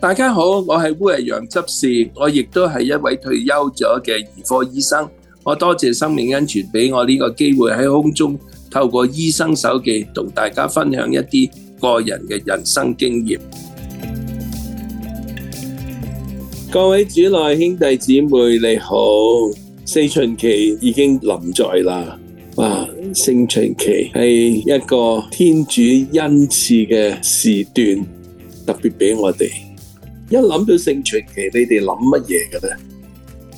大家好，我係烏日陽執事，我亦都係一位退休咗嘅兒科醫生。我多謝生命恩泉俾我呢個機會喺空中透過醫生手記同大家分享一啲個人嘅人生經驗。各位主內兄弟姊妹你好，四旬期已經臨在啦。哇！四旬期係一個天主恩賜嘅時段，特別俾我哋。一諗到四旬期，你哋諗乜嘢嘅咧？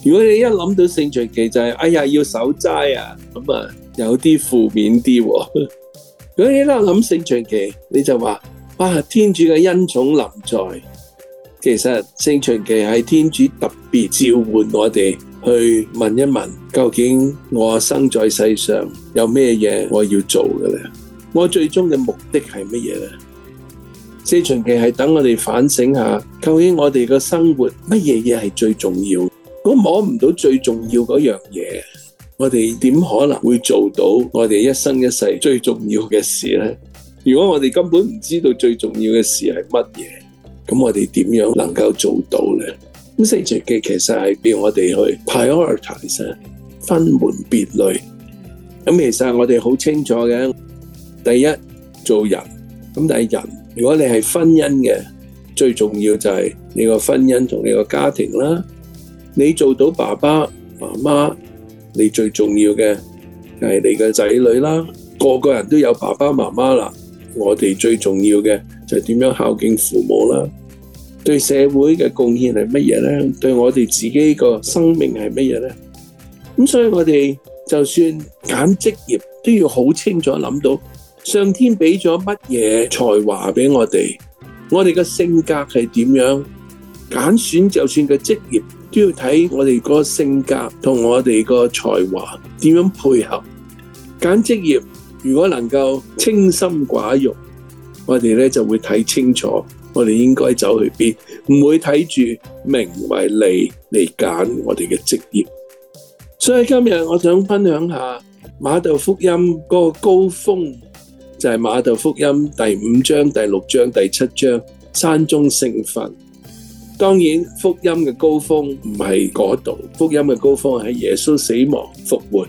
如果你一諗到四旬期就係哎呀要守齋啊，咁啊有啲負面啲。如果你一諗四旬期，你就話：哇！天主嘅恩寵臨在，其實四旬期係天主特別召喚我哋去問一問，究竟我生在世上有咩嘢我要做嘅咧？我最終嘅目的係乜嘢咧？四旬期係等我哋反省下，究竟我哋個生活乜嘢嘢係最重要？如果摸唔到最重要嗰樣嘢，我哋點可能會做到我哋一生一世最重要嘅事呢？如果我哋根本唔知道最重要嘅事係乜嘢，咁我哋點樣能夠做到呢？咁四旬期其實係俾我哋去 prioritize，分門別類。咁其實我哋好清楚嘅，第一做人，咁但係人。如果你係婚姻嘅，最重要就係你個婚姻同你個家庭啦。你做到爸爸媽媽，你最重要嘅係你嘅仔女啦。個個人都有爸爸媽媽啦。我哋最重要嘅就係點樣孝敬父母啦。對社會嘅貢獻係乜嘢呢？對我哋自己個生命係乜嘢呢？咁所以我哋就算揀職業，都要好清楚諗到。上天俾咗乜嘢才華俾我哋？我哋個性格係點樣揀選？就算個職業都要睇我哋個性格同我哋個才華點樣配合揀職業。如果能夠清心寡欲，我哋咧就會睇清楚，我哋應該走去邊，唔會睇住名為利嚟揀我哋嘅職業。所以今日我想分享下馬竇福音嗰個高峰。就係瑪竇福音第五章、第六章、第七章山中聖訓。當然福音嘅高峰唔係嗰度，福音嘅高峰係耶穌死亡復活。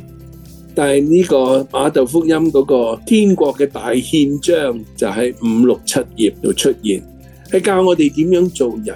但係呢個瑪竇福音嗰個天國嘅大憲章就喺五六七頁度出現，係教我哋點樣做人。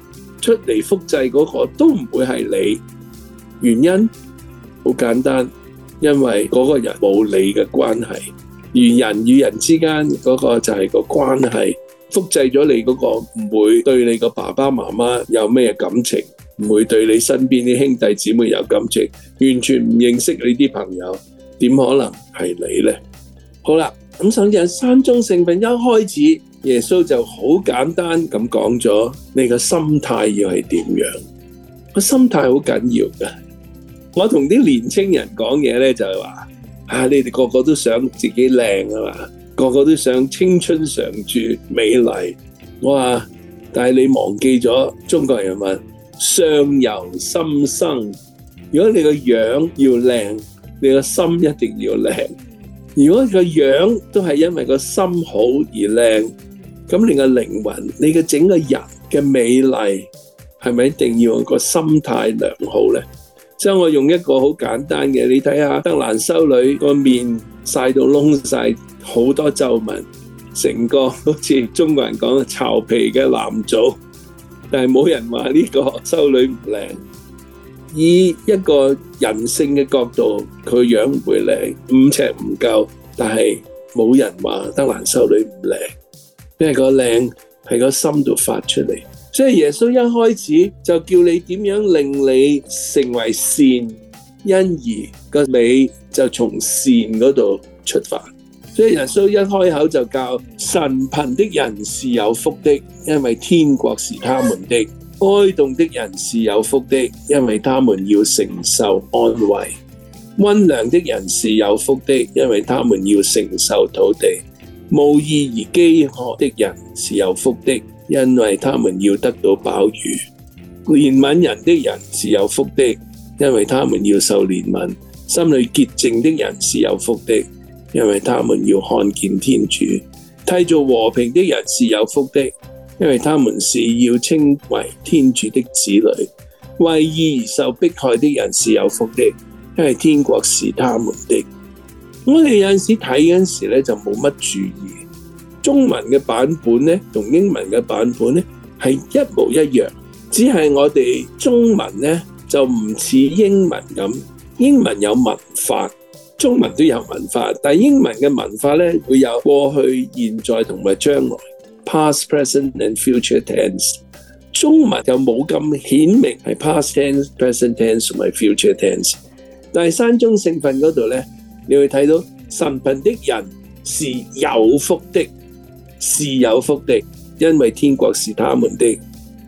出嚟複製嗰個都唔會係你，原因好簡單，因為嗰個人冇你嘅關係，而人與人之間嗰個就係個關係，複製咗你嗰個唔會對你個爸爸媽媽有咩感情，唔會對你身邊啲兄弟姊妹有感情，完全唔認識你啲朋友，點可能係你呢？好啦，咁首先三種成分一開始。耶穌就好簡單咁講咗，你個心態要係點樣？個心態好緊要噶。我同啲年青人講嘢咧就係話：，啊，你哋個個都想自己靚啊嘛，個個都想青春常駐、美麗。我話，但係你忘記咗中國人話：，相由心生。如果你個樣要靚，你個心一定要靚。如果你個樣都係因為個心好而靚。咁你嘅靈魂，你嘅整個人嘅美麗，係咪一定要有個心態良好呢？所以我用一個好簡單嘅，你睇下德蘭修女個面晒到窿晒，好多皺紋，成個好似中國人講嘅臭皮嘅男祖，但係冇人話呢個修女唔靚。以一個人性嘅角度，佢樣唔會靚，五尺唔夠，但係冇人話德蘭修女唔靚。即係個靚係個心度發出嚟，所以耶穌一開始就叫你點樣令你成為善，因而個美就從善嗰度出發。所以耶穌一開口就教，神貧的人是有福的，因為天國是他們的；哀慟的人是有福的，因為他們要承受安慰；温良的人是有福的，因為他們要承受土地。慕義而飢渴的人是有福的，因為他們要得到飽飫；憐憫人的人是有福的，因為他們要受憐憫；心裏潔淨的人是有福的，因為他們要看見天主；締造和平的人是有福的，因為他們是要稱為天主的子女；為義而受迫害的人是有福的，因為天國是他們的。我哋有陣時睇嗰陣時咧，就冇乜注意的中文嘅版本咧，同英文嘅版本咧係一模一樣，只係我哋中文咧就唔似英文咁。英文有文化，中文都有文化，但係英文嘅文化咧會有過去、現在同埋將來 （past, present and future tense）。中文就冇咁顯明係 past tense, present tense 同埋 future tense，但係山中聖訓嗰度咧。你會睇到神貧的人是有福的，是有福的，因為天國是他們的；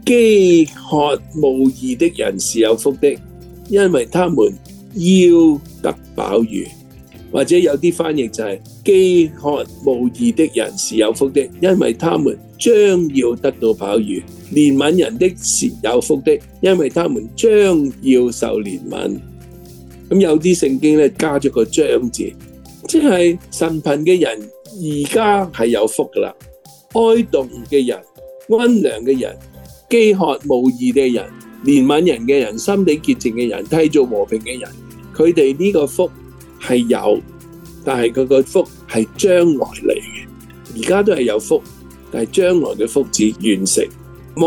飢渴慕義的人是有福的，因為他們要得飽飫；或者有啲翻譯就係、是、飢渴慕義的人是有福的，因為他們將要得到飽飫；憐憫人的是有福的，因為他們將要受憐憫。咁有啲聖經咧加咗個將字，即係神貧嘅人而家係有福噶啦，哀慟嘅人、溫良嘅人、飢渴慕義嘅人、憐憫人嘅人、心裡潔淨嘅人、締造和平嘅人，佢哋呢個福係有，但係佢個福係將來嚟嘅，而家都係有福，但係將來嘅福至完成，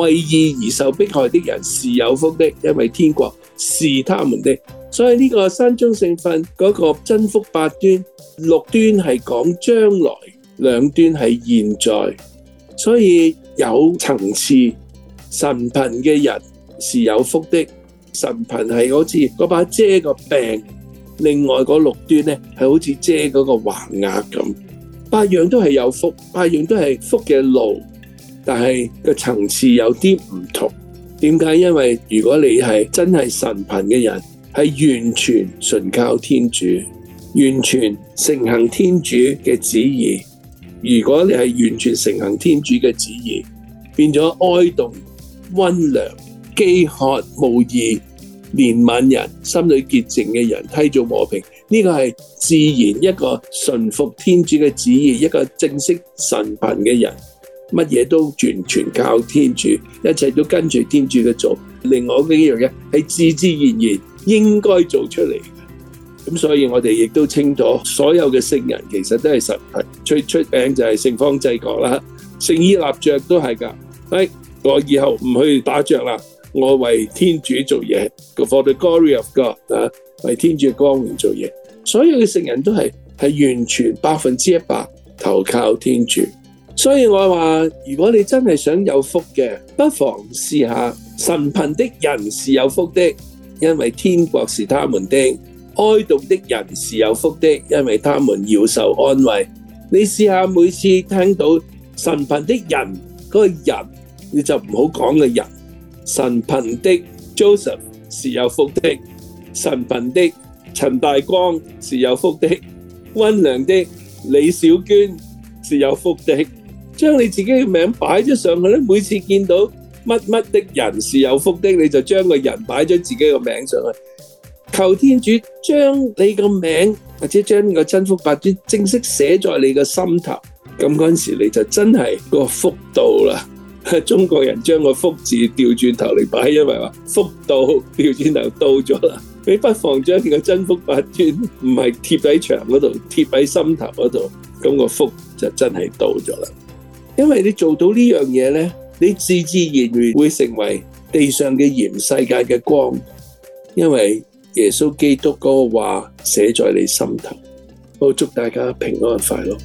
為義而受迫害的人是有福的，因為天國。是他們的，所以呢個山中聖訓嗰個真福八端六端係講將來，兩端係現在，所以有層次。神貧嘅人是有福的，神貧係好似個把遮個柄，另外嗰六端呢，係好似遮嗰個橫額咁，八樣都係有福，八樣都係福嘅路，但係個層次有啲唔同。點解？因為如果你係真係神貧嘅人，係完全純靠天主，完全承行天主嘅旨意。如果你係完全承行天主嘅旨意，變咗哀慟、溫良、飢渴、慕義、憐憫人、心裏潔淨嘅人，締造和平。呢、呢個係自然一個順服天主嘅旨意，一個正式神貧嘅人。乜嘢都完全靠天主，一切都跟住天主去做。另外嗰啲樣嘢係自自然然應該做出嚟。咁所以我哋亦都清楚，所有嘅聖人其實都係神係最出，出名就係聖方濟各啦，聖依納爵都係噶。哎，我以後唔去打仗啦，我為天主做嘢，for the glory of God 啊，為天主光榮做嘢。所有嘅聖人都係係完全百分之一百投靠天主。所以我話，如果你真係想有福嘅，不妨試下神貧的人是有福的，因為天國是他們的；哀悼的人是有福的，因為他們要受安慰。你試下每次聽到神貧的人，嗰、那個人你就唔好講個人，神貧的 Joseph 是有福的，神貧的陳大光是有福的，溫良的李小娟是有福的。將你自己嘅名擺咗上去咧，每次見到乜乜的人是有福的，你就將個人擺咗自己嘅名上去，求天主將你個名或者將個真福八端正式寫在你個心頭，咁嗰陣時你就真係個福到啦。中國人將個福字調轉頭嚟擺，因為話福到調轉頭到咗啦，你不妨將個真福八端唔係貼喺牆嗰度，貼喺心頭嗰度，咁個福就真係到咗啦。因為你做到呢樣嘢呢，你自自然然會成為地上嘅鹽，世界嘅光，因為耶穌基督嗰個話寫在你心頭。我祝大家平安快樂。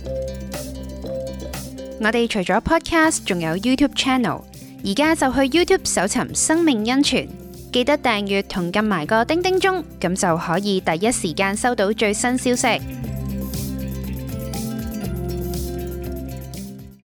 我哋除咗 Podcast，仲有 YouTube Channel，而家就去 YouTube 搜尋生命恩泉，記得訂閱同撳埋個叮叮鐘，咁就可以第一時間收到最新消息。